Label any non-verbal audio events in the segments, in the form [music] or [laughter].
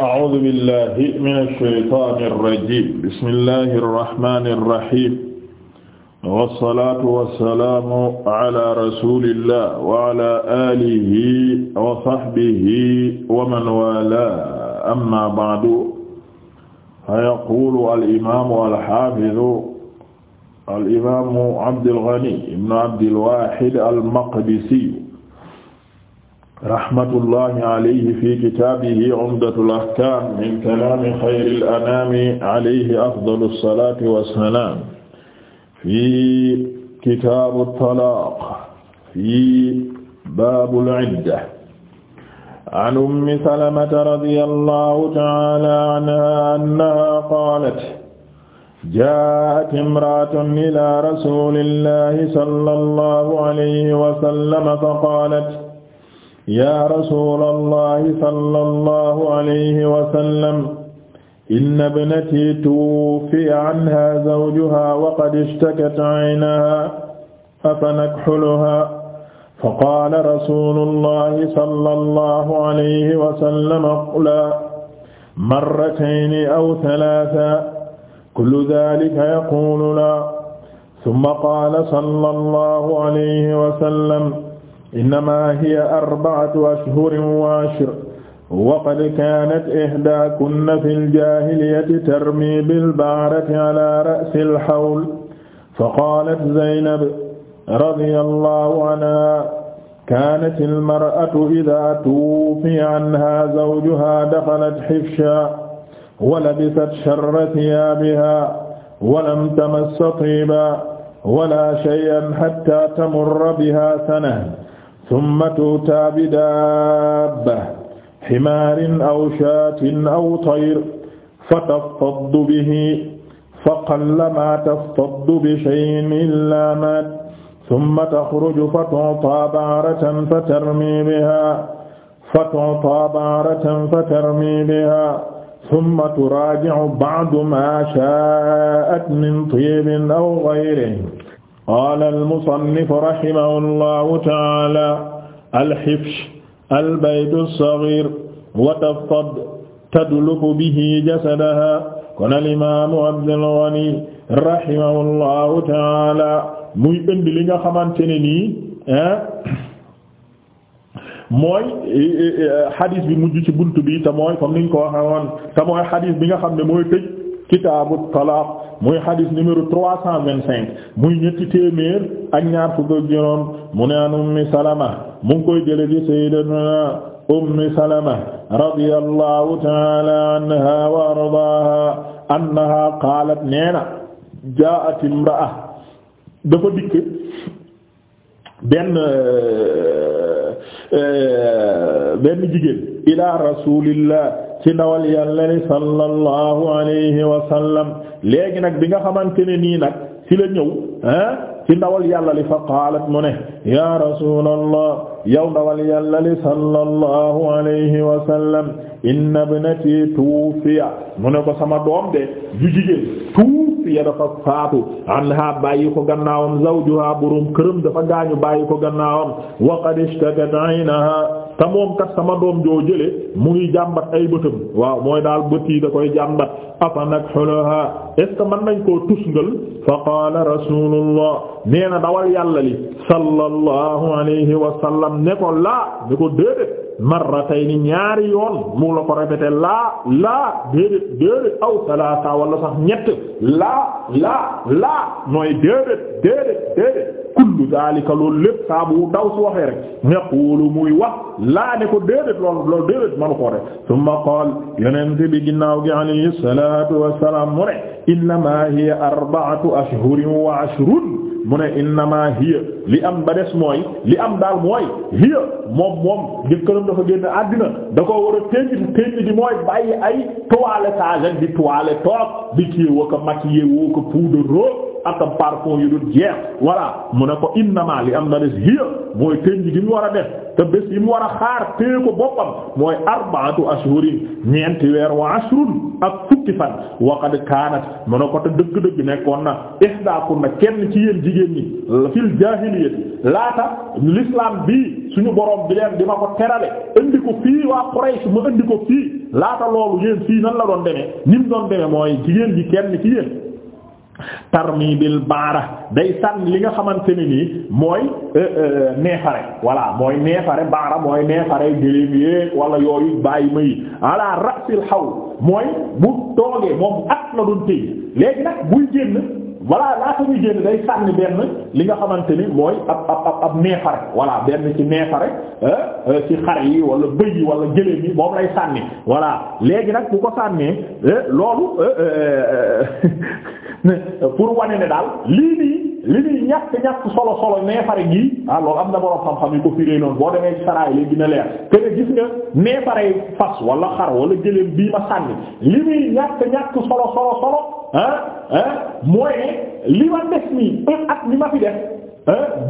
أعوذ بالله من الشيطان الرجيم بسم الله الرحمن الرحيم والصلاة والسلام على رسول الله وعلى آله وصحبه ومن والاه أما بعد فيقول الإمام الحافظ الإمام عبد الغني بن عبد الواحد المقدسي rahmatullahi alayhi fi kitaabihi umdatul ahkaam min kalaami xayril anaami alayhi afdalus salaati wassalaam fi kitaabu talaaq fi baabul idda an ummi salamata radiyallahu ta'aala anhaa annahaa qaalat jaa'at imra'atun ilaa rasuulillahi sallallahu alayhi wa sallam faqaalat yaa rasuulallahi sallallahu alayhi wa sallam inna ibnatii tuwuffiya anhaa zawjuhaa wa qad ishtakat aynahaa afanakxuluhaa faqaala rasuulullahi sallallahu alayhi wa sallam uqlaa marratayni aw talaasan kullu zaalika yaquulu laa summa qaala sallallahu alayhi wa sallam innama hiya arba'atu ashhurin wa ashr wa qad kaanat ihdaakunna fi ljaahiliyati tarmi bilbaarati ala ra'si alhawl faqaalat zaynab radiyallahu anha kaanat almar'atu idaa tuwuffiya anhaa zawjuhaa daxalat hifshan wa labisat sharra thiyaabihaa wa lam tamassa tiiban wa laa shay'an hattaa tamurra bihaa sanatun summa tuutaa bi daabba ximaarin aw shaatin aw tayr fa tafaddu bihi fa qallamaa tafaddu bi shay'in illaa maat summa taxruju fa tuutaa ba'ratan fa tarmii bihaa fa tuutaa ba'ratan fa tarmii bihaa summa turaaji'u ba'du maa shaa'at min tiibin aw ghayrihi qaala al-musannif rahimahullahu ta'aala al-hifsh al-baytu as-saghiir wa tadluku bihi jasadaha kon al-imaamu Abdul Ghani rahimahullahu ta'aala muy indi li nga xamante ne nii mooy eh, eh, eh, hadith bi mujj ci buntu bi te mooy comme niñ ko waxee woon te mooy hadith bi nga xam ne mooy tëj. kitaabu talaaq muy xadis numéro cinq muy ñetti téeméer ak ñaar fukk ak juróom mu an ummi salama mu ngi koy jële ci sayyidatuna ummi salama radiyallahu ta'ala anha wa ardaaha annaha qaalat neena jaa'at imra'a dafa dikk benn euh, euh, benn jigéen ila rasulillah ci ndawal yàlla li sallallahu alayhi wa sallam léegi nag bi nga xamante ne nii nag ci la ñëw ah ci ndawal yàlla li fa qaalat mu ne ya rasulallah yow ndawal yàlla li sallallahu alayhi wa sallam inna ibnati tuufiya mu ne ko sama doom de ju jigéen tuufiya dafa faatu anha bàyyi ko gannaawam zawjuha borom këram dafa gaañu bàyyi ko gannaawam wa qad ishtakat aynaha te moom kat sama doom joo jële mu ngi jàmbat ay bëtam waaw mooy daal bët yi da koy jàmbat afanakxoloha est-ce que mën nañ koo tusngal fa qaala rasulullah nee na dawal yàlla li sallallahu alayhi wa sallam ne ko laa ne ko déedéet marratayni ñaari yoon mu la ko répété laa laa déedéet déedéet aw salaasa wala sax ñett laa laa laa nooy déedéet déedéet déedéet kullu daalika loolu lépp saa bu daw si waxee rek yaqulu muy wax laa ne ko déedéet loolu loolu déedéet manu ko rek tumma qaal yonent bi ginnaaw gi alayhi salaatu wassalaam mu ne innamaa hiya arba'atu ashhurin wa ashrun mu ne innama hiya li am ba des mooy li am daal mooy hiya moom moom jëkkëram dafa génn àddina da ko war a ténj ténj di mooy bàyyi ay toile sage di toile toog bi kii woo ko maquillé woo ko poudre atam parfum yu dul jeex voilà mu ne ko innama li am na des hiya mooy tënj gi mu war a def te bés yi mu war a xaar téye ko boppam mooy arbaatu ashhurin ñeenti weer wa ashrun ak fukki fan wa qad kaanat mu ne ko te dëgg-dëgg nekkoon na ihdaakunna kenn ci yéen jigéen ñi fil jaahiliyati laata l'islam bii suñu borom bi leen di ma ko terale indi ko fii waa Quraysh ma indi ko fii laata loolu yéen fii nan la doon demee ni mu doon demee mooy jigéen ji kenn ci yéen tarmi bil baara day sànni li nga xamante ne nii mooy euh, euh, neefare voilà mooy neefare baara mooy neefare gëléem yéeg wala yooyu bàyyi may ala rasil xaw mooy bu toogee moom at la doon téye léegi nag buy génn. voilà laata ñu génn day sànni benn li nga xamante ni mooy ab ab ab neefare voilà benn ci neefare euh, ci xar yi wala bëy yi wala gëléem yi moom lay sànni voilà léegi nag bu ko sànnee euh, loolu euh, [laughs] pour wane ne daal lii nii li muy ñàkk ñàkk solo solo neefare gi ah loolu am na borom xam-xam yu ko firee noonu boo demee ci saraay léegi dina leer te ne gis nga neefare fas wala xar wala gëléem bii ma sànni li muy ñàkk ñàkk solo solo solo ah ah mooy li ma des nii un at li ma fi def.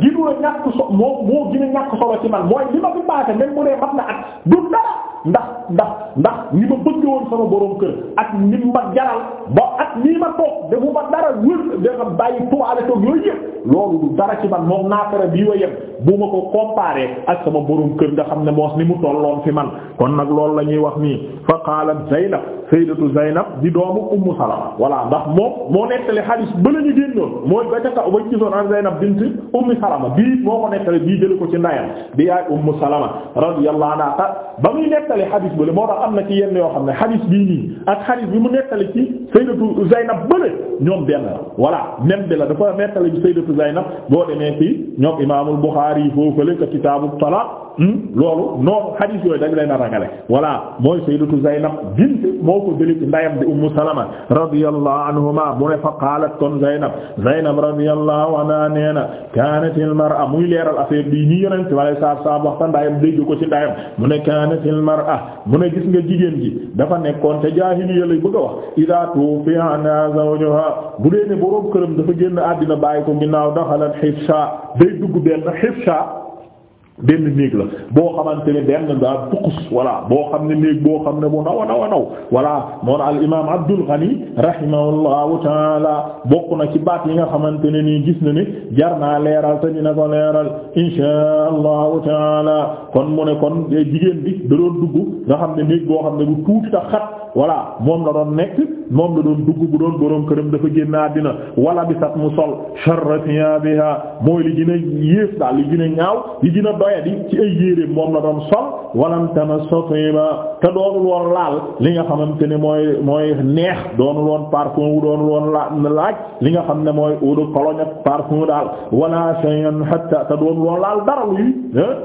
ginu la ñàkk so moo moo gën ñàkk solo ci man mooy li ma fi passé même bu dee mat na at du dara ndax ndax ndax ni ma bëgg woon sama borom kër ak ni ma jaral ba at nii ma toog defu ma dara wër dafa bàyyi tubaale toog yooyu yëpp loolu du dara ci man moom naafara bii wa yem bu ma ko comparé ak sama borom kër nga xam ne moos ni mu tolloon fi man kon nag loolu la ñuy wax nii fa qaala Zaynab sayyidatu Zaynab di doomu Ummu Salama voilà ndax moom moo nettali xadiis ba la ñu génnoon mooy ba ca kaw ba gisoon an Zaynab bint Ummu Salama bii moo ko nettali bii jële ko ci ndayam bi yaay Ummu Salama radiyallahu anha ba muy nettali xadiis ba moo tax am na ci yenn yoo xam ne xadiis bii nii ak xadiis bi mu nettali ci sayyidatu Zaynab ba la ñoom benn la voilà même bi la dafa nettali ci sayyidatu Zaynab boo demee ci ñoom Imaamul Buxaari foofale ka kitaabu talaaq hmm, loolu noonu xadiis yooyu dañ leen na rangale voilà mooy sayyidatu Zaynab bint ko jëlee ci ndayam bi ummu salama radiyallahu anhuma mu ne fa qaalat kon zaynab zaynab radiyallahu anha nee na kaanatil mar'a muy leeral affaire bi ñi yonent bi alayhi salaatu salaam waxta ndayam dégg ko ci ndayam mu ne kaanatil mar'a mu ne gis dafa nekkoon te jaahiliya lay bëgg a wax idaa tuwuffiya anhaa zawjuha bu dee ne boroom këram dafa génn àddina bàyyi ko ginnaaw daxalat hifsha day dugg benn hifsha benn néeg la boo xamante ne benn daa tukus voilà boo xam ne néeg boo xam ne bu ndaw a ndaw a ndaw voilà moon al imaam Abdul Ghani rahimahullahu taala bokk na ci baat yi nga xamante ne nii gis na ni jar naa leeral te dina ko leeral insha allahu taala kon mu ne kon jigéen bi da doon dugg nga xam ne néeg boo xam ne bu tuuti ta xat voilà moom la doon nekk moom la doon dugg bu doon boroom këram dafa génn àddina wala bi sax mu sol sharra thiyabiha mooy li doyadi ci ay yére moom la doon sol walam tamasatiba te doonul woon laal li nga xamante ne mooy mooy neex doonul woon parfum wu doonul woon laaj li nga xam ne mooy eau de Cologne ak daal wala shay'an hatta te doonul woon laal dara luy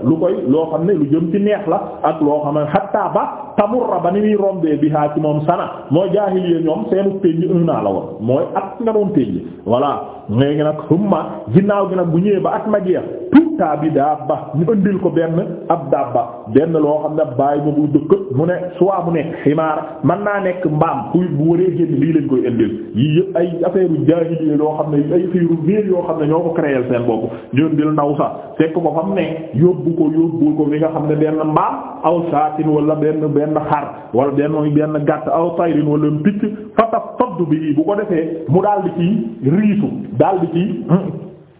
lu koy loo xam ne lu jëm ci neex la ak loo xam ne hatta ba tamurra ba ni muy rombee bi ci moom sana mooy jaahiliya ñoom seenu peñ un an la woon mooy at nga doon peñ voilà léegi nag summa ginnaaw gi nag bu ñëwee ba at ma jeex tuutaa bi daaba ñu ëndil ko benn ab daaba benn loo xam ne bàyyi ma bu dëkk mu ne soit mu nekk ximaar man naa nekk mbaam kuy bu waree génn lii lañ koy ëndil yii yëpp ay affaire u jaahili loo xam ne ay fiiru réer yoo xam ne ñoo ko créer seen boobu ñu ëndil ndaw sax fekk ko xam ne yóbbu ko yóbbu ko fi nga xam ne benn mbaam aw saatin wala benn benn xar wala benn benn gàtt aw tayrin wala picc fataf faddu bu ko defee mu daal di ci daal di ci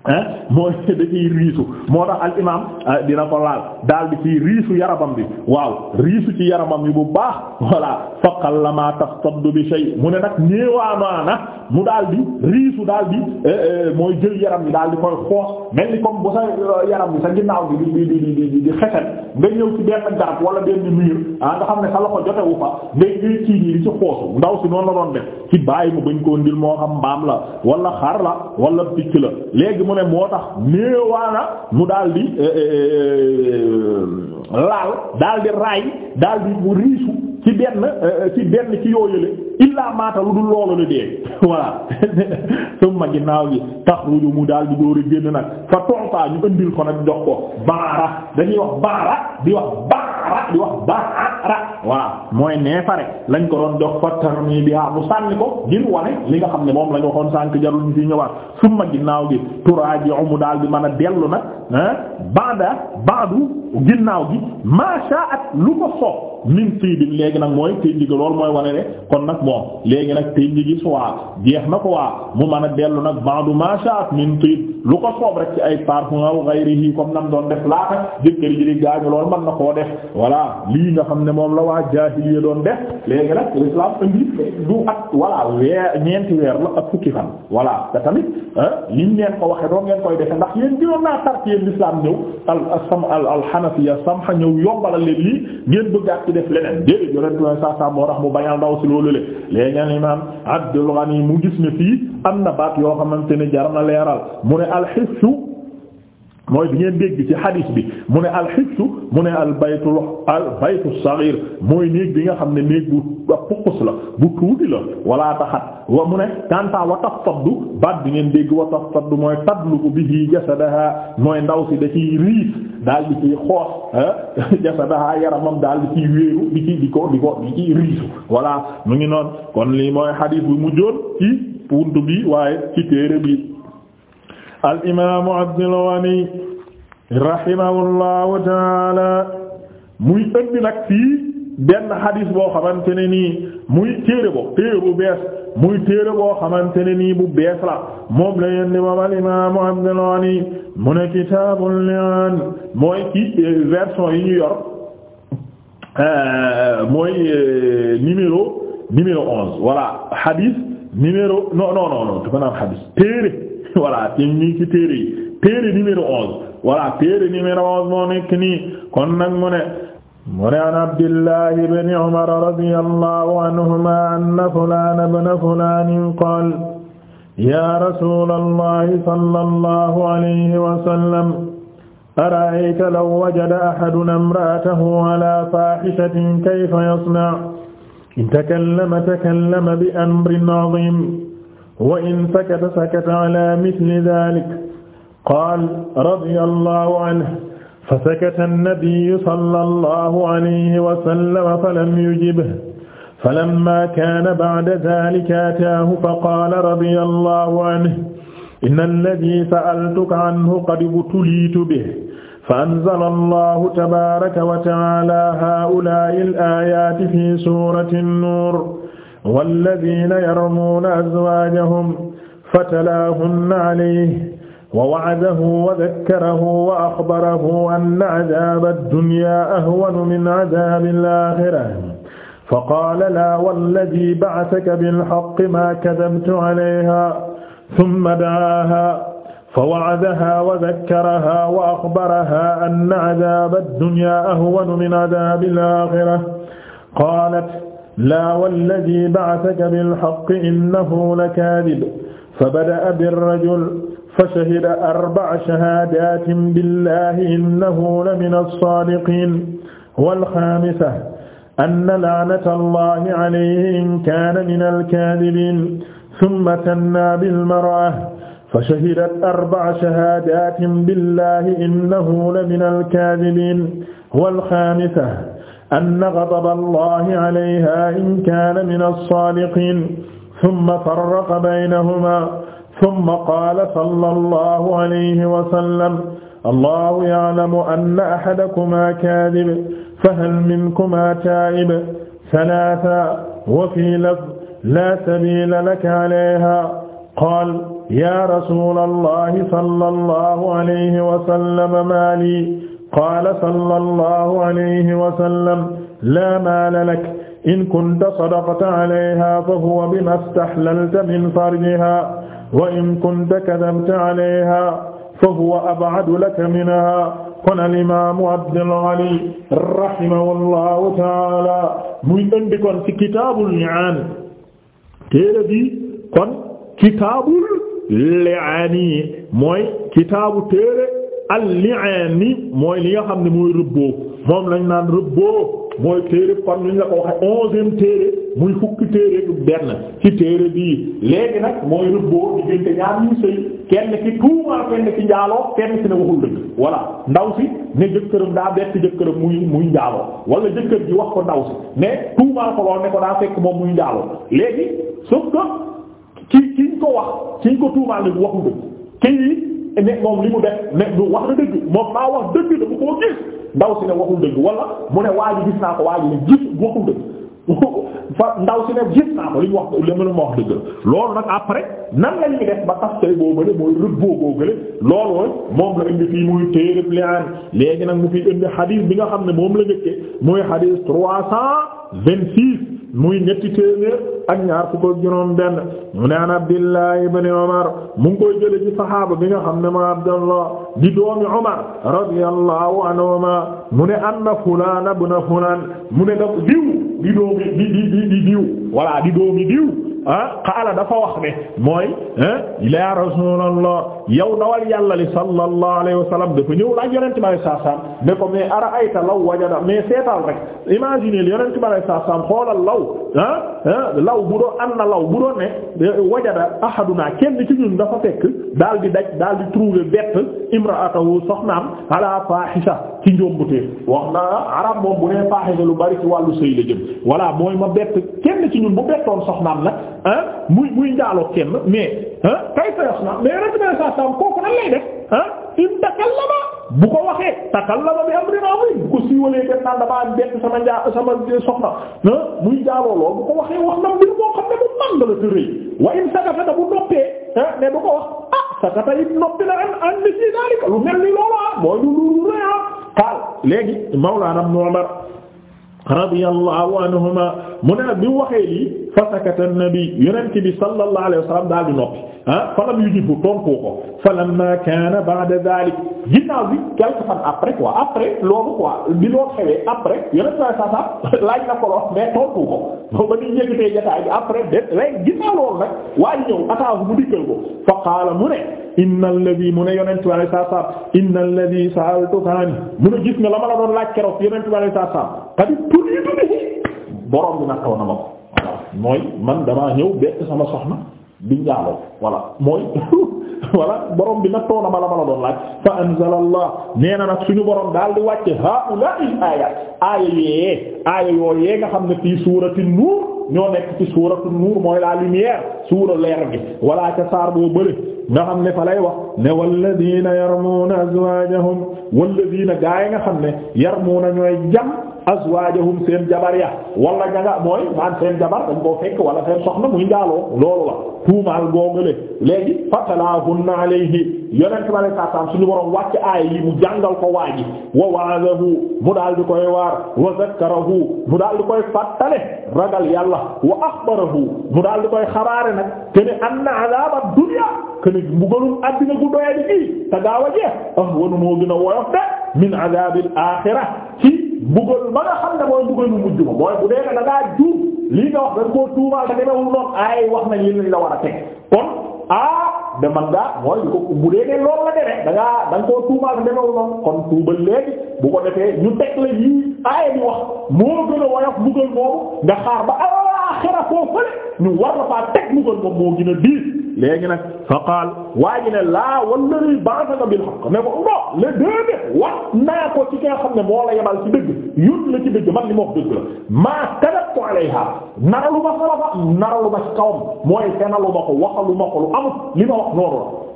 ah mooy [laughs] da ciy riisu moo tax al imaam ah, dina ko laal daal di ciy riisu yaramam bi waaw riisu ci yaramam bi bu baax voilà faqal la ma tastaddu bi shay mu ne nag néewaanaana mu dal di riisu daal di eh, eh, mooy jël yaram bi daal di koy xoos mel ni comme bu sa eh, yaram bi sa ginnaaw bi di di di di di nga ñëw ci benn garab wala benn mur ah nga xam ne sa loxo jotewu fa ngay ngay kii nii di ci xoosu ndaw si noonu la doon def ci bàyyi mu bañ koo ndil moo xam mbaam ne moo tax néewaana mu daal di eh, eh, eh, laal daal di raay daal di mu riisu ci benn ci benn ci yooyule illaa maata lu dul loolu la dee [laughs] voilà [laughs] summa ginnaaw gi taxruju mu daal dóor a génn nag fa tontaa ñu ëndil ko nag jox ko baara dañuy wax baara di wax baara di wax baara waaw mooy neefare lañ ko doon jox fa tarmi bi mu sànni ko ngir wane li nga xam ne moom lañ waxoon sànk jarul ñu fi ñëwaat summa ginnaaw gi turaaji mu daal di mën a dellu nag baada baadu ginnaaw gi maashaat lu ko léegi nag mooy tëy mooy wane kon nag moom léegi nag tëy njigi jeex na ko waa mu man a dellu nag ba'du ma ak min tëy lu ko soob rek ci ay parfum aw ghayrihi comme nam doon def laata jëkkër ji di gaañu lool mën na koo def voilà lii nga xam ne moom la waa jaahiliya doon def léegi nag l'islam indi du at voilà weer ñeenti weer la ak fukki fan voilà te tamit liñ leen ko waxe doon ngeen koy defe ndax yéen gënoon naa tar ci yéen ñëw al asam al al hanafiya samha ñëw yombalal leen lii ngeen bëggaat ci def leneen déedéet yonent leen saa saa moo tax mu bañal ndaw si loolu le léegi naan imam Abdul Ghani mu gis ne fii am na baat yoo xamante ne jar na leeral mu ne al mooy bi ngeen dégg ci hadith bi mu ne alxibsu mu ne al baytu al baytu saghir mooy néeg bi nga xam ne néeg bu pukus la bu tuuti la wala taxat wa mu ne kanta wa tafaddu baat bi ngeen dégg wa tafaddu mooy tadlubu bihi jasadaha mooy ndaw si da ciy riis daal di ci xoos [laughs] jasadaha yaramam daal di ciy wéeru di ci di ko di ko di ciy riisu voilà mu ngi noon kon lii mooy hadith bu mujjoon ci buntu bi waaye ci téere bi al imaamu Abdul Ghani rahimahullahu taala muy indi nag fii benn xadis boo xamante ne nii muy téere bo téere bu bees muy téere boo xamante nii bu bees la moom la yenn moom al imaamu Abdul mu ne kitaabul li'aan mooy ci euh, version yi ñu euh, mooy euh, numéro numéro onze voilà xadis numéro non non non non tu téere [laughs] voilà ci ñi ci téere yi téere numéro onze voilà téere numéro onze moo nekk nii kon nag mu ne mu ne an abdillahi ibn umar radiyallahu anhuma anna fulaan ibn fulaan qaal ya rasulallahi sallallahu alayhi wa sallam ara'ayta law wajada ahaduna imra'atahu ala fahishatin kayfa yasna' in takallama takallama bi amrin 'azim wa in sakata sakata ala mithli dhalik qaala radiyallahu anhu fa sakata an-nabiyyu sallallahu alayhi wa sallam falam yujibhu falamma kaana ba'da dhaalika ataahu faqaala radiyallahu anhu inna alladhii sa'altuka anhu qad ibtuliitu bihi fa anzala allahu tabaaraka wa ta'aalaa haa'ulaa'i al-aayaati fii suurati an-nuur walladina yarmuuna azwaajahum fatalaahunna alayhi wa wa'adahu wa dakkarahu wa axbarahu anna adaaba ad-dunyaa ahwanu min adaabi al-aaxira faqaala laa walladii ba'asaka bil-haqqi maa kadabtu alayhaa summa da'aahaa fawa'adahaa wa dakkarahaa wa axbarahaa anna adaaba ad-dunyaa ahwanu min adaabi al-aaxira qaalat laa walladii ba'asaka bilhaqqi innahu lakaadib fabada'a birrajul fashahida arba'a shahaadaatin billaahi innahu lamina as-saadiqiin wal-xaamisa anna la'natallaahi alayhi in kaana minal kaadibiin summa tannaa bil-mar'a fashahidat arba'a shahaadaatin billaahi innahu laminal kaadibiin wal-xaamisa anna ghadaba allahi alayha in kaana min as-saadiqiin thumma farraqa baynahumaa thumma qaala sallallahu alayhi wa sallam allahu ya'lamu anna ahadakumaa kaadib fahal minkumaa taa'ib salaasa wa fii laf laa sabiila laka alayhaa qaala yaa rasuula allahi sallallahu alayhi wa sallam maali qaala sallallahu alayhi wa sallam laa maala lak in kunta sadaqta alayha fa huwa bimaa istahlalta min farjiha wa in kunta kadabta alayha fa huwa ab'adu laka minha kon alimaamu Abdul Ghani rahimahullahu taala muy indi kon ci kitaabul li'aan téere bi kon kitaabul li'aan mooy kitaabu téere al-li'aani mooy li yoo xam ne mooy rëbboo moom lañ naan rëbboo mooy téere kon ñu la ko waxe onzième téere muy fukki téere du benn ci téere bii léegi nag mooy rëbboo diggante ñaar ñuy sëy kenn ci tuumaal kenn ci njaaloo kenn ci ne waxul dëgg voilà ndaw si ne jëkkëram daa bett jëkkëram muy muy njaaloo wala jëkkër ji wax ko ndaw si ne tuumaal ko lool ne ko daa fekk moom muy njaaloo léegi sauf que ki kiñ ko wax kiñ ko tuumaal ne waxul dëgg ne moom li mu def ne du wax na dëgg moom maa wax dëgg dama koo gis ndaw si ne waxul dëgg wala mu ne waa ji gis naa ko waa ji ne gis waxul dëgg [laughs] fa naa ko li mu wax li mu ma wax dëgg la loolu nag après nan la ñuy def ba tas tey boo bële mooy rëb boo boo bële loolu moom la indi fii muy téereb liaan léegi nag mu fi indi xadiis bi nga xam ne moom la njëkkee muy xadiis trois cent muy ñetti téeméer ak ñaar fukk ak juróom benn mu ne an Abdillah ibn Umar mu koy jële ci saxaaba bi nga xam ne ma Abdallah di doomi Umar radiyallahu anhuma mu ne anna fulaan ibn fulaan mu ne daf diw di doomi di di di diw walla di doomi diw Ah qaala dafa wax ne mooy yaa rasuulallah yow dawal yàlla li sallallahu alayhi wa sallam dafa ñëw laaj yonent bi saa saam xoolal law ah law bu doon am na law bu doon ne eh, wajada ahaduna kenn ci ñun dafa fekk daal di daj daal di trouver bett imraatahu soxnaam ala fahisha ci njombutee wax na arab moom bu nee fahisha lu bari ci wàllu sëy la jëm mooy ma bett kenn ci ñun bu bettoon soxnaam nag ah muy muy njaaloo kenn mais ah kay fayas na mais rek sa sam kooku nan lay def ah in takallama bu ko waxee takallama bi amri ma'ruf bu ko siiwalee def naan damaa bett sama njaa sama soxna ah muy njaaloo lool bu ko waxee wax na mbir moo xam ne bu màng la te rëy wa in sakata bu noppee ah mais bu ko wax ah sakata it noppi na ren an misli daalika lu mel ni loolu ah mooy lu lu rëy ah. xaal léegi Mawlana Umar radiyallahu anhuma mu ne nag bi mu waxee lii fa sakata an-nabi yonent bi sallallahu alayhi wa sallam daal di noppi ah falam yujibu tontu ko falamma kaana ba'da dhalik ginnaaw bi quelque fan après quoi après loolu quoi bi loo xewee après yonent bi sallallahu alayhi wa sallam laaj na ko lool mais tontu ko ba ñu yëkkatee jotaay bi après de léegi ginnaaw loolu nag waaye ñëw ataahu mu dikkal ko fa qaala mu ne inna alladhi mu ne yonent bi sallallahu alayhi wa sallam inna alladhi sa'altuka mu ne gis nga la ma la doon laaj keroog yonent bi sallallahu alayhi wa sallam qad ibtuliitu bihi borom bi nattoo na ma ko voilà mooy man damaa ñëw bett sama soxna bi njaaloo voilà mooy [laughs] voilà borom bi nattoo na ma la ma la doon laaj fa anzalallah nee na nag suñu borom daal di wàcce haa'ulaa'i aaya aaya yee aaya yoo yee nga xam ne fii suurati nuur ñoo nekk ci suuratu nuur mooy la lumière suura leer gi wala ca saar boo bëre nga xam ne fa lay wax ne walladina yarmuuna azwaajahum walladina gaa yi nga xam ne yarmuuna ñooy jam azwaajahum seen jabar ya wala ña mooy maan seen jabar dañ koo fekk soxna muy njaaloo loolu la tuumaal googale léegi fatalaahunna alayhi yonent bale saasaam suñu borom wàcc aaya yi mu jàngal ko waaji wa waadahu mu daal di koy waar wa zakkarahu mu daal di koy fàttale ragal yàlla wa axbarahu mu daal di koy xabaare nag kene anna adaaba dunya kene mbugalum addina gu doyadi gi te gaaw a jeex ah wanu moo gën a min adaabil aaxira mbugal ma nga xam ne mooy mbugal mu mujj ma mooy bu dee da ngaa juum lii nga wax da nga koo tuumaal te demewul noonu ay wax nañ li lañ la war a teg kon ah de man ngaa mooy ko bu dee ne loolu da ngaa da nga koo tuumaal te bu ko defee ñu teg la yii ay bi wax moo gën a woyof mbugal moomu nga xaar ba alaaxira ah, foofu fële ñu war la faa teg mbugal moom moo gën a diis léegi nag fa qaal waa ji ne laa walladi ba'athaka bil haqq ne ko non le déedé wax naa ko ci ki nga xam ne moo la yebal ci dëgg yónni ci dëgg man li ma wax dëgg la maa kadabtu alayha naralu ma xalafa naralu ma ci kawam mooy fenalu ma ko waxalu ma ko lu amut li ma wax noonu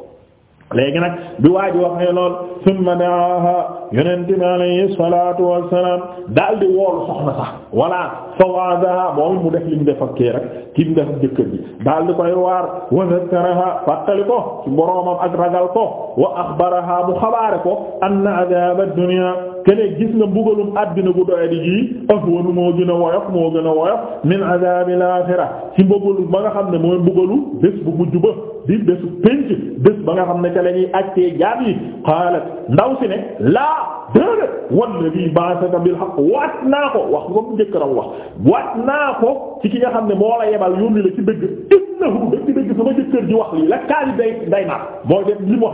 léegi nag bi waa ji waxee lool summa daaha yonent bi alayhi salaatu wassalaam daal di woolu soxna sax walla fa waadaha moom mu def lim def ak kii rek ki mu def jëkkër ji daal di koy waar wa zakkaraha fàttali ko ci boroomam ak ragal ko wa axbaraha mu xabaare ko anna adaaba dunya kene gis nga mbugalum àddina gu doy di ji ahwanu moo gën a woyof moo gën a woyof min azabil axira ci mbugalu ba nga xam ne mooy mbugalu bés bu mujj ba bi bésu pénc bés ba nga xam ne ca la ñuy àttee jaam yi xaalat ndaw si ne laa déedéet wallahi ba'athaka bil haqq waat naa ko wax nga ko jëkkëram wax waat naa ko ci ki nga xam ne moo la yebal yónni la ci dëgg innahu dëgg dëgg sama jëkkër ji wax lii la kaali day day naat mooy def li mu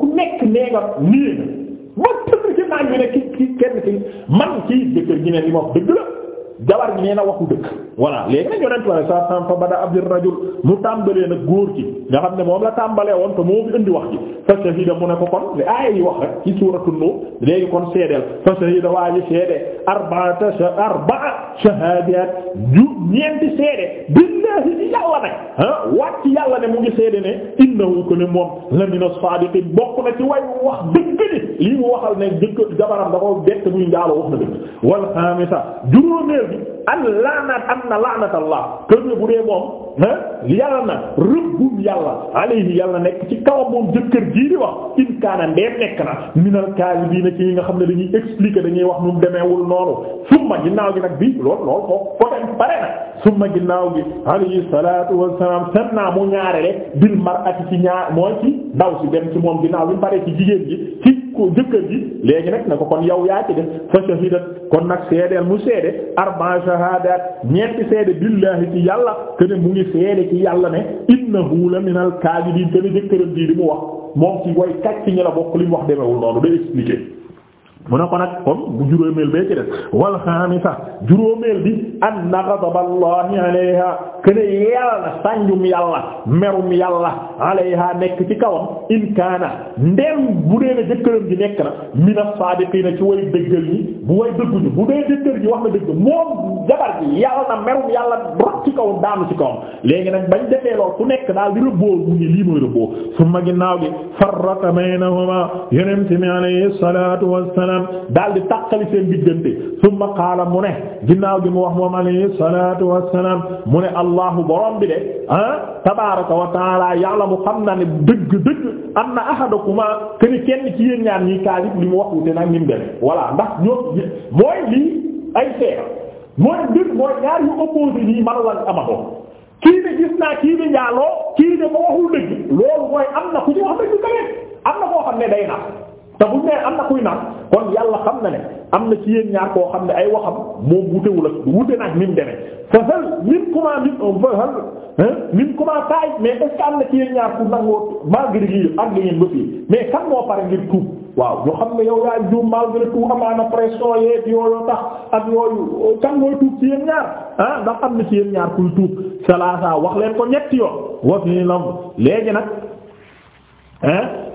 ku nekk nee nga nii nga man tëdd ci naaj bi ne ki ki kenn ki man ci jëkkër ji ne li ma wax dëgg la jabar gi nee a waxu dëkk voilà léegi a yonent bi saa saam fa bada abdir rajul mu tàmbalee nag góor gi nga xam ne moom la tàmbalee woon te moo fi indi wax ji fa shahida mu ne ko kon li aaya yi wax rek ci suuratu Nuur léegi kon seedeel fa shahida waa ji seede arba'ata arba'a shahadat ju ñeenti seede billahi ci yàlla nag ah waat ci yàlla ne mu ngi seede ne innahu ko ne moom la mina saadiqin bokk na ci way wax dëgg ni lii waxal ne jëkk jabaram da ko bett muy njaalo wax na bi an laanat na laanat kër ne bu dee moom yàlla na rëbbum yàlla alayhi yàlla nekk ci kawam moom jëkkër jii di wax in kaana ndeem nekk na minal kaalibiina ci nga xam ne dañuy expliquer dañuy wax nu mu demeewul noonu summa ginnaaw gi nag bi lool lool foofu foofu dem pare na summa ginnaaw gi alayhi salaatu wassalaam sannaa mu ñaarele bil mar'ati ci ñaar mooy ci ndaw si dem ci moom ginnaaw bi mu pare ci jigéen ji ko jëkkër ji léegi nag ne ko kon yow yaa ci def fa shahidat kon nag seedeel mu seede arba shahadat ñeenti seede billahi ci yàlla que ne mu ngi seede ci yàlla ne innahu la minal kaadibiin que ne jëkkëram ji li mu wax moom ci way kàcc ñi la bokk li mu wax demewul noonu day expliquer mu ne ko nag kon bu juróomeel bee ci des wal xaamisa juróomeel bi anna ghadaballahi alayha kene yàlla sànjum yàlla merum yàlla alayha nekk ci kawam in kaana bu dee ne jëkkëram ji nekk na mina saadiqiina ci way dëggal ñi bu way dëgguñu bu dee jëkkër ji wax na dëgg moom jabar ji yàlla na merum yàlla rot ci kawam daanu ci kawam léegi nag bañ defee lool ku nekk daal di rëbboo mu ngi lii mooy rëbboo summa ginnaaw gi farraqa baynahuma yonente mi alayhi salaam daal di tàqali seen diggante summa qaala mu ne ginnaaw gi mu wax moom alayhi salaatu wassalaam mu ne allahu borom bi de ah, tabaaraka wa taala ya'lamu xam na ne dëgg dëgg am na ahadakuma keni kenn ci yéen ñaar ñi kaalif li mu wax wute nag nim deme voilà ndax ñoo mooy lii ay seer mooy mbir mooy ñaar yu opposé nii manu la amatoo kii ne gis naa kii ne njaaloo kii ne ma waxul dëgg loolu mooy am na ku ci wax dëgg tamit am na koo xam ne day na te bu nee am na kuy naan kon yàlla xam na ne am na ci yéen ñaar koo xam ne ay waxam moom wutewul ak wute nag ni mu demee fa hal minkumaa min fa hal minkumaa taay mais am na ci yéen ñaar ba fii mais kan moo pare waaw ñu xam ne yow yaa juum malgré tout amaana pression yeeg yooyu tax ak yooyu kan mooy tuub ah, am na ci yéen ñaar kuy tuub salaasa wax leen ko ñetti yoon wa fi lam léegi nag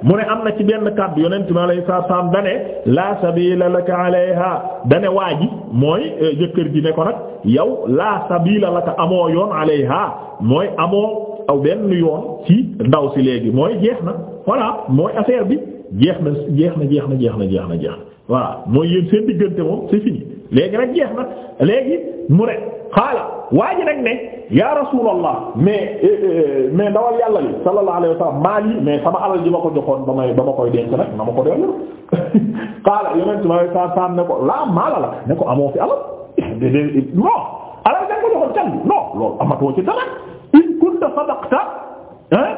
mu ne am na ci benn kàddu yonent mi alayhi salaam dane laa sabila laka alayha dane waa ji mooy eh, jëkkër ji ne ko nag yow laa sabila laka amoo yoon alayha mooy amoo aw benn yoon ci ndaw si léegi mooy jeex na voilà mooy affaire bi jeex na jeex na jeex na jeex na jeex na jeex na voilà mooy yéen seen diggante moom c'est fini léegi nag jeex na léegi mu ne xaala waa ji nag ne ya rasulallah mais eh, eh, mais ndawal yàlla li sallallahu alayhi wa yi mais sama alal ko joxoon ba may ba koy denc nag ko delloo [laughs] xaala ko la ne ko amoo fi [laughs]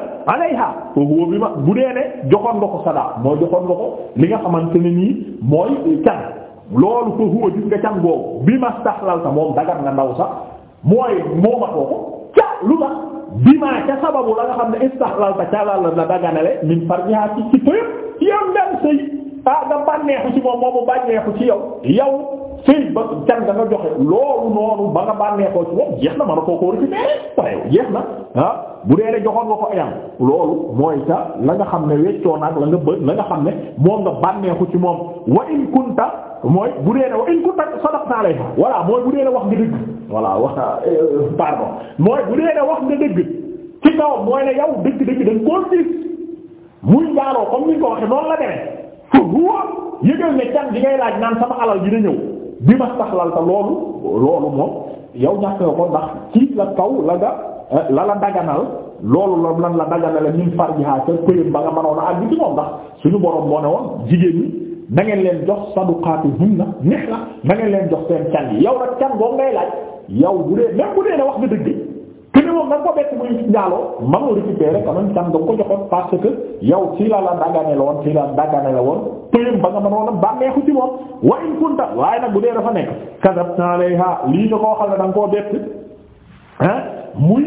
joxoon eh, bi ma bu dee ne joxoon nga ko sadaq mooy joxoon nga ko li nga xamante ne nii mooy can loolu ko huwa gis nga can boobu bi ma staxlal sa moom dagar nga ndaw sax mooy mooma ko ca lu tax bi ma ca sababu la nga xam ne istaxlal sa ca la la daganale min farjiha ci ci tëyëp yow ndem sëy ah nga bànneexu ci moom moomu bànneexu ci yow yow sëy ba can nga joxe loolu noonu ba nga bànneexoo ci moom jeex na mën a koo kóor ci meew jeex na ah bu dee rek joxoon nga ko ayam loolu mooy ca la nga xam ne weccoo naag la nga bë la nga xam ne moom ci moom mooy bu dee ne wa in kunta sadaqta alayha voilà mooy bu dee ne wax nga dëgg voilà wax pardon wax nga dëgg ci kaw mooy ne yow dëgg-dëgg dañ koo gis muy njaaloo comme ni ko waxe noonu la demee fa huwa yëgal ne can di ngay laaj naan sama alal dina ñëw bi ma saxlal ta loolu loolu moom yow ñàkk nga ko ndax ci la kaw la nga la la daganal loolu la lan la daganale min farjiha ca këyam ba nga mënoon a àgg ci ndax suñu borom moo ne woon jigéen ñi na ngeen leen jox saduqaatuhunna nihla na ngeen leen jox seen can yi yow nag can boobu ngay laaj yow bu dee même bu dee ne wax nga dëgg que ne moom na nga ko bett muy njaaloo mënoo ko joxoon parce que yow ci la la daganeel woon ci la daganeel woon pëyam a bànneexu ci waaye nag bu dee dafa nekk kadabta alayha lii nga koo xam ne da nga koo bett ah muy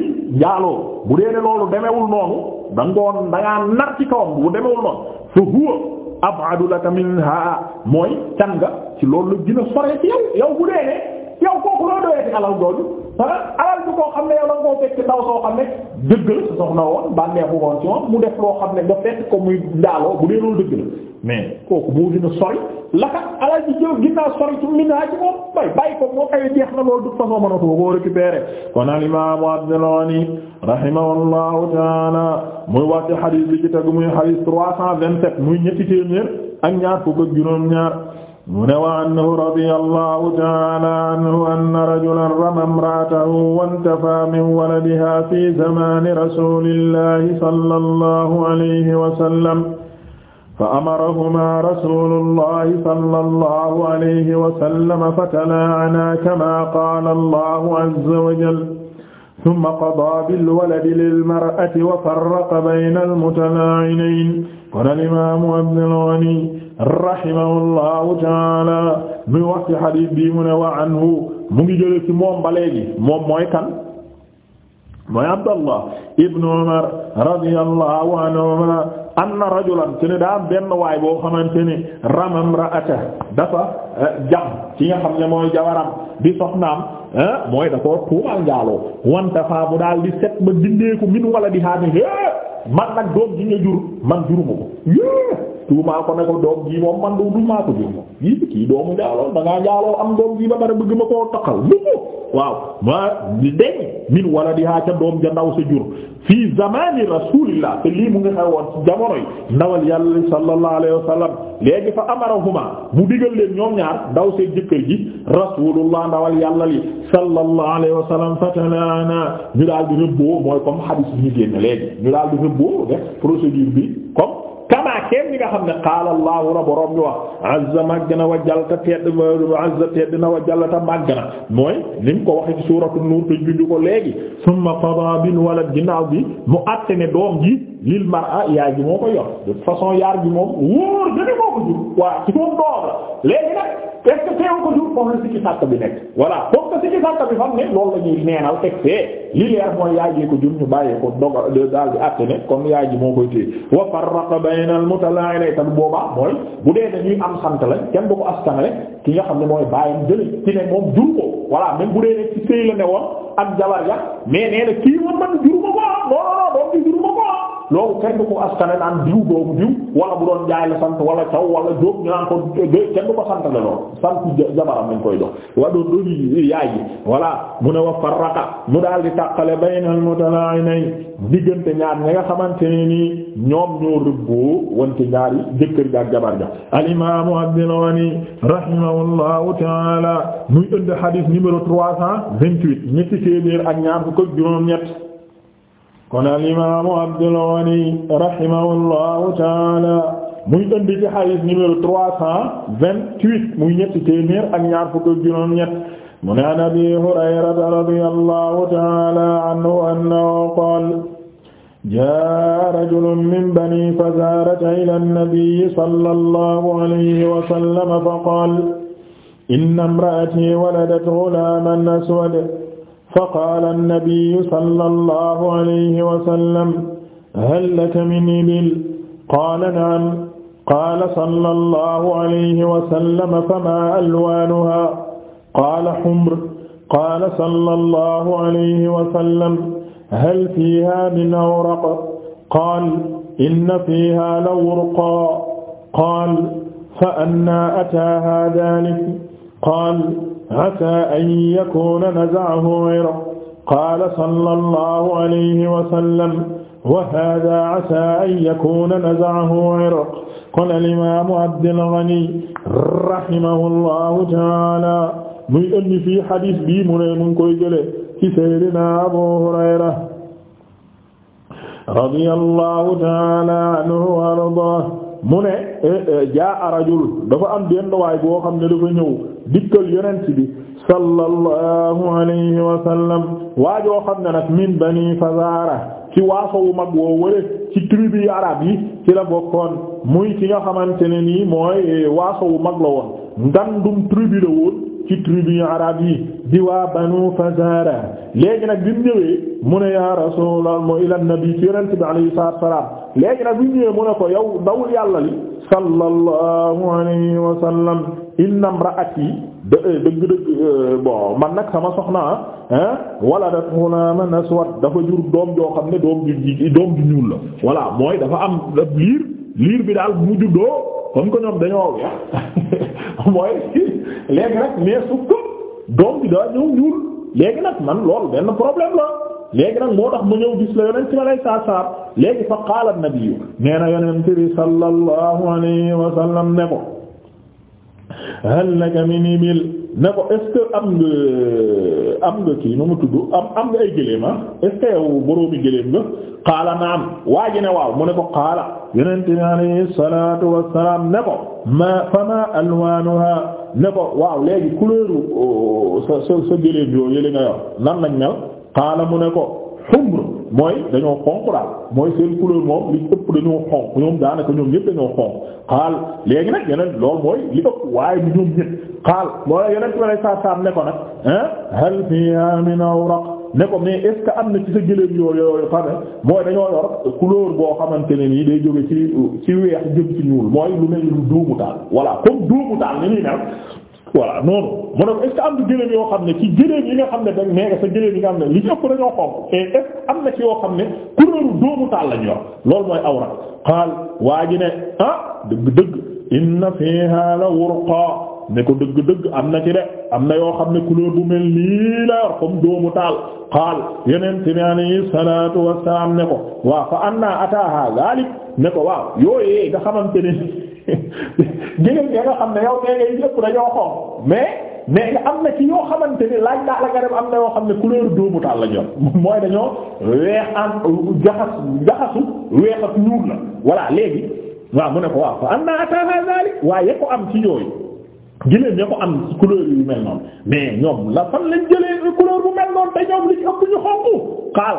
bu dee loolu demewul noonu da nga da ngaa nar ci kawam bu demewul noonu su huwa ab'adu laka minha mooy can nga ci loolu la gën a sore ci yow yow bu dee ne yow kooku loo doyati alal googu alal bi koo xam ne yow da fekk ndaw soo xam ne dëgg la sa soxna woon bànneexu woon ci moom mu def loo xam ne nga fekk ko muy daaloo bu dee loolu dëgg la mais kooku boo gën a sori laka alal ji jël ginnaaw sori ko moo koy jeex na loolu du façon mënatoo koo récupérer kon al imaamu xadiis bi ci tegu muy xadiis trois cent vingt-sept muy ñetti téeméer ak ñaar fukk ak juróom ñaar mu ne wa anhu radiyallahu ta'ala anhu anna rajulan rama imra'atahu wantafa min waladiha fi zamani rasulillahi sallallahu alayhi wa sallam fa amarahuma rasulullahi sallallahu alayhi wa sallam fatalaa'anaa kamaa qaala allahu azza wa jalla summa qadaa bilwaladi lilmar'ati wa farraqa bayna almutalaa'inayn qaala al-imaamu Abdul Ghani rahimahullahu taala muy wax ci bii mu ne wa mu ngi jële ci moom ba léegi moom mooy kan mooy Abdallah ibnu Umar radiyallahu anhuma rajulan te ne daa benn waay boo xamante ni ramam ra'ata dafa eh, jam ci nga xam ne mooy jawaram di soxnaam eh, mooy da ko tuumal njaaloo wanta faa mu daal di set ba dindeeku min wala di haani man nag doom ji nga jur man juruma ko tuumaa ko ne ko doom ji moom man du du maa ko jur moom yii kii doomu njaaloo da ngaa njaaloo am doom ji ba bara bëgg ma koo min wala di haa ca doom ja ndaw sa jur fii zamani rasulillah te lii mu ngi xewoon ci jamono yi ndawal yàlla sallallahu alayhi wa sallam léegi fa amarahuma mu digal leen ñoom ñaar ndaw seen jëkkër ji rasulullah ndawal yàlla li sallallahu alayhi wa sallam fatalaana ñu daal di rëbboo mooy comme hadith ñu génn léegi ñu daal di rëbboo def procédure bi comme kenn ñi xam ne qaala allahu la borom bi wax azza na wa jal ta tedd azza na wa jal ta màgg na mooy ni mu ko waxee ci suuratu nuur te juñju ko léegi summa qada bin walad ginnaaw bi mu attene ne doom ji lil mar'a yaay ji moo ko yor de façon yaar ji moom wóor gëne moo ko jur waaw ci moom doom la léegi nag est-ce que teew ko jur foofu la sikki sàkk bi nekk voilà foofu la sikki sàkk bi fam ne loolu la ñuy neenal te fee li leer mooy yaay ji ko jur ñu bàyyee ko doga daal bi àtte ne kon yaay ji moo koy téye wa farraqa bayna al mutala'ina tam boobaa mooy bu dee dañuy am sant la kenn du ko askanale ki nga xam ne mooy bàyyam jëli ci ne moom jur ko voilà même loolu kenn du ko askane naan diw boobu diw wala bu doon jaay sant wala caw wala jóob ñu naan ko kenn du ko santale lool sant jabaram lañ koy jox wa doon dooni yaay ji voilà mu ne wa farraqa mu daal di tàqale baynal mutala'inayn diggante ñaar ñi nga xamante ne nii ñoom ñoo rëbboo wante ñaari jëkkër ja ak jabar ja al imaamu Abdul Ghani rahimahullahu ta'ala muy ënd hadith numéro trois cent vingt-huit ñetti téeméer ak ñaar fukk ak juróom-ñett kon al imaamu Abdul Ghani rahimahullahu taala muy indi ci hadith numéro trois cent vingt-huit muy ñetti téeméer ak ñaar fukk ak juróom ñett mu ne an Abi Hurayrata radiyallahu taala anhu annahu qaala jaa rajulun min banii Fazaarata ilaa nabiyyi sallallahu alayhi wa sallam fa qaala inna imra'atii waladat ghulaaman aswadan faqaala annabiyu sala allahu alayhi wasallam hal laka min ibil qaala naam qaala sala allahu alayhi wasallam famaa alwaanuha qaala humr qaala sala allahu alayhi wasallam hal fiiha min awraq qaal inna fiiha lawraqan qaal fa annaa ataaha daalik qaal asaa an yakuna nazaahu ghayra qaala sallallahu alayhi wa sallam wa haaza asaa an yakuna nazaahu ghayra qaala al-imaamu Abdul Ghani rahimahullahu ta'aala muy indi fii xadis bii mu ne mu ngi koy jëlee ci Seydina Abu Hurayra radiyallahu ta'aala anhu wa ardaahu mu ne eh, eh, jaa rajul dafa am benn waay boo xam ne dafa ñëw dikkal yonent bi sallallahu alayhi wa sallam waa joo xam ne nag min bani Fazaara ci wu mag woo wële ci tribu arab yi ci la bokkoon muy ci nga xamante ne nii mooy eh, wu mag la woon ngandum tribu la woon ci tribu arab yi di waa banu Fazaara léegi nag bi mu ñëwee mu ne yaa rasulallah mu ila nabi ci yonent bi alayhi salaatu léegi nag bu ñëwee mu ne ko yow dawul yàlla li sallallahu alayhi wa sallam inna imraati euh, dëgg dëgg euh, man nag sama soxna ah waladat ghulaman aswad dafa jur doom joo xam ne doom ju doom ju ñuul la voilà mooy dafa am liir liir bi daal mu juddoo comme que ñoom dañoo weex [laughs] mooy léegi nag mais su ko doom bi daa ñëw ñuul léegi nag man loolu benn problème la léegi nag moo tax mu ñëw gis la yonent bi alayhi salaatu salaam léegi fa qaala an nee na yonent bi sallallahu alayhi wa sallam ko hal laka min ibil ne ko est ce que am nga am nga kii nu mu tudd am am nga ay gëléem ah est boroomi gëléem nga qaala naam waa ji ne waaw mu ne ko qaala yonent bi alayhi wa salaam ne ko ma fa alwaanuha ne ko waaw léegi couleur oh, sa sa sa gëléem yooyu yële nga yor nan lañ mel. qaala mu ne ko xumr mooy dañoo xonq daal mooy seen couleur moom li ëpp dañoo xonq ñoom daanaka ñoom ñëpp dañoo xonq xaal léegi nag yeneen loolu mooy li ëpp waaye du ñoom ñëpp xaal ne ko nag ah hal fiha na ci sa gëléem yoo yooyu xam ne mooy dañoo yor boo xamante ne nii day jóge ci ci weex jëm ci ñuul mooy lu mel lu doomu daal voilà comme doomu daal ni muy mel voilà noonu mu ne ko est-ce que am yoo xam ne ci gëléem yi nga xam ne dañ neega sa gëléem yi nga xam ne li doomu taal lañ yor loolu mooy awra xaal waa ji ne ah dëgg-dëgg inna fiha la wurqa ne ko dëgg-dëgg am na ci de am na yoo xam ne couleur bu mel nii la yor comme doomu taal xaal yeneen ti alayhi salatu wasalaam ne ko waaw fa anna ataaha gaalik ne ko waaw yooyee nga xamante ne jigéen ñi nga xam ne yow nee ngay yëpp dañoo xonq mais mais nga am na ci yoo xamante ni laaj daal a nga dem am na yoo xam ne couleur doomu taal la ñor mooy dañoo weex an jaxas jaxasu weex ak ñuul la voilà léegi waaw mu ne ko waaw fa am naa ataaha zalik waaye ko am ci yooyu giléen ña ko am ci yu mel noonu mais ñoom la fan lañ jëlee couleur bu mel noonu te li ci ëpp ñu xonq xaal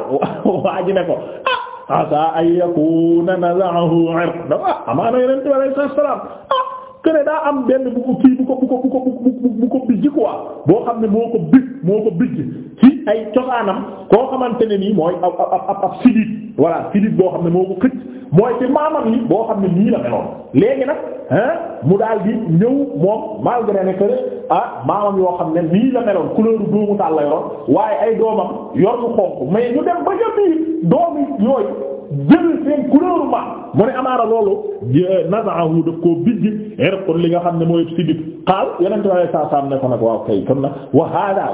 waa ji ne ko ah asa ay yakuna nazaahu irq dafa amaana yeneen bi alayhi salaam ah kene daa am benn bu ko kii bu ko ko bu ko bu ko bijji quoi boo xam ne moo ko bij moo ko bijj ci ay cosaanam koo xamante ne nii mooy ab ab ab ab sidit voilà sidit boo xam ne moo ko xëcc mooy ci maamam yi boo xam ne nii la meloon léegi nag ah mu daal di ñëw moom malgré ne que ah maamam yoo xam ne nii la meloon couleur doomu taal la yoroon waaye ay doomam yor mu xonq mais ñu dem ba jël biir doom yooyu. jël seen couleur ma mu ne amaara loolu euh, nazaahu daf koo bijj erkon li nga xam ne mooy sigit xaal yeneen tamit saa saa ne ko nag waaw kay kon nag wa hada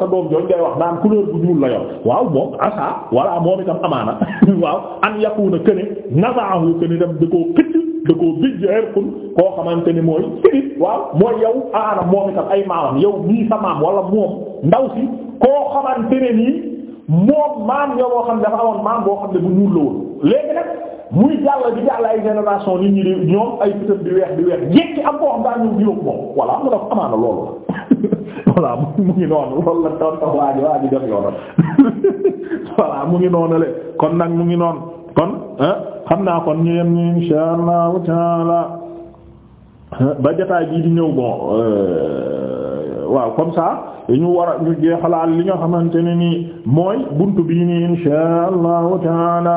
sa doom jooju ngay wax naan couleur bu ñuul la yor waaw moom asa walla moom itam amaana [laughs] waaw an yakuna këne nazaahu këne daf da koo xëcc da koo bijj erkon koo xamante ni mooy sigit waaw mooy yow aana moom itam ay maamam yow mii sa maam wala moom ndaw si koo xamante ne nii. moom maam yoo boo xam dafa amoon maam boo xam ne bu ñuul la woon léegi nag muy jàll di jàll ay génération nit ñi di ñoom ay putam di weex di weex jékki am boo xam daa ñëw juróom moom voilà mu daf amaana loolu la [laughs] voilà mu ngi noonu loolu la doon tax waa ji waa ji def yoonam [laughs] mu ngi noonu le kon nag mu ngi noon kon xam naa kon ñu yem ni insha allahu taala ba jotaay bii di ñëw bon euh, waaw comme ça ñu war a ñu jeexalaal li nga xamante ne nii mooy buntu bii nii insha allahu taala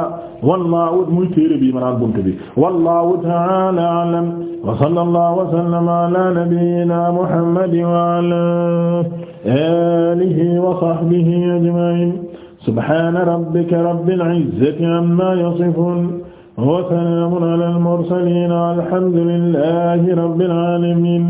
wallahu muy téere bii maanaam buntu bi wallahu taala alam wa sallallahu wa sallama ala nabiyyina muhammadin wa ala alihi wa sahbihi ajma'in subhana rabbika rabbil izzati amma yasifun wa salamun ala al mursalin alhamdulillahi rabbil alamin